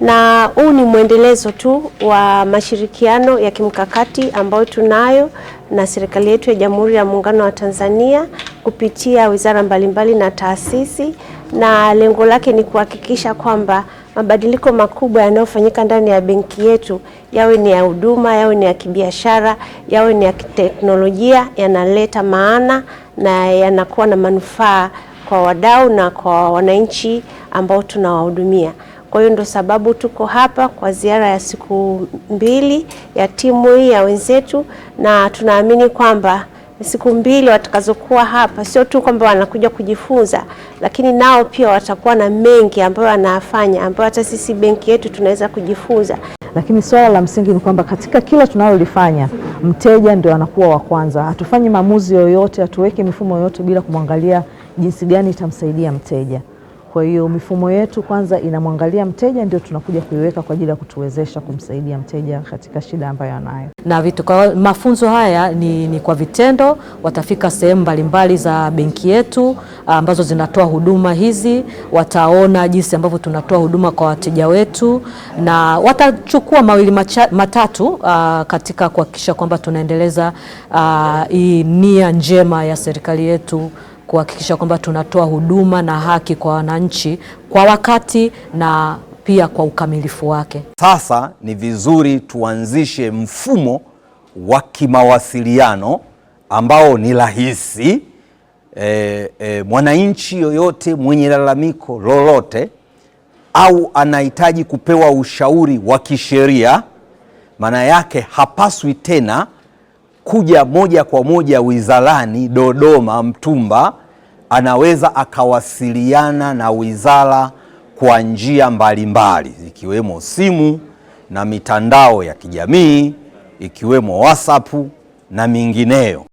na huu ni mwendelezo tu wa mashirikiano ya kimkakati ambayo tunayo na serikali yetu ya Jamhuri ya Muungano wa Tanzania kupitia wizara mbalimbali na taasisi, na lengo lake ni kuhakikisha kwamba mabadiliko makubwa yanayofanyika ndani ya benki yetu yawe ni ya huduma, yawe ni ya kibiashara, yawe ni ya kiteknolojia, yanaleta maana na yanakuwa na manufaa kwa wadau na kwa wananchi ambao tunawahudumia. Kwa hiyo ndo sababu tuko hapa kwa ziara ya siku mbili ya timu hii ya wenzetu, na tunaamini kwamba siku mbili watakazokuwa hapa sio tu kwamba wanakuja kujifunza, lakini nao pia watakuwa na mengi ambayo wanafanya, ambayo hata sisi benki yetu tunaweza kujifunza. Lakini swala la msingi ni kwamba katika kila tunalolifanya mteja ndio anakuwa wa kwanza. Hatufanyi maamuzi yoyote, hatuweki mifumo yoyote bila kumwangalia jinsi gani itamsaidia mteja. Kwa hiyo mifumo yetu kwanza inamwangalia mteja, ndio tunakuja kuiweka kwa ajili ya kutuwezesha kumsaidia mteja katika shida ambayo anayo. Na vitu kwa mafunzo haya ni, ni kwa vitendo, watafika sehemu mbalimbali za benki yetu ambazo zinatoa huduma hizi, wataona jinsi ambavyo tunatoa huduma kwa wateja wetu na watachukua mawili macha, matatu uh, katika kuhakikisha kwamba tunaendeleza hii ah, hii nia njema ya serikali yetu kuhakikisha kwamba tunatoa huduma na haki kwa wananchi kwa wakati na pia kwa ukamilifu wake. Sasa ni vizuri tuanzishe mfumo wa kimawasiliano ambao ni rahisi e, e, mwananchi yoyote mwenye lalamiko lolote au anahitaji kupewa ushauri wa kisheria, maana yake hapaswi tena kuja moja kwa moja wizarani Dodoma Mtumba anaweza akawasiliana na wizara kwa njia mbalimbali ikiwemo simu na mitandao ya kijamii ikiwemo WhatsApp na mingineyo.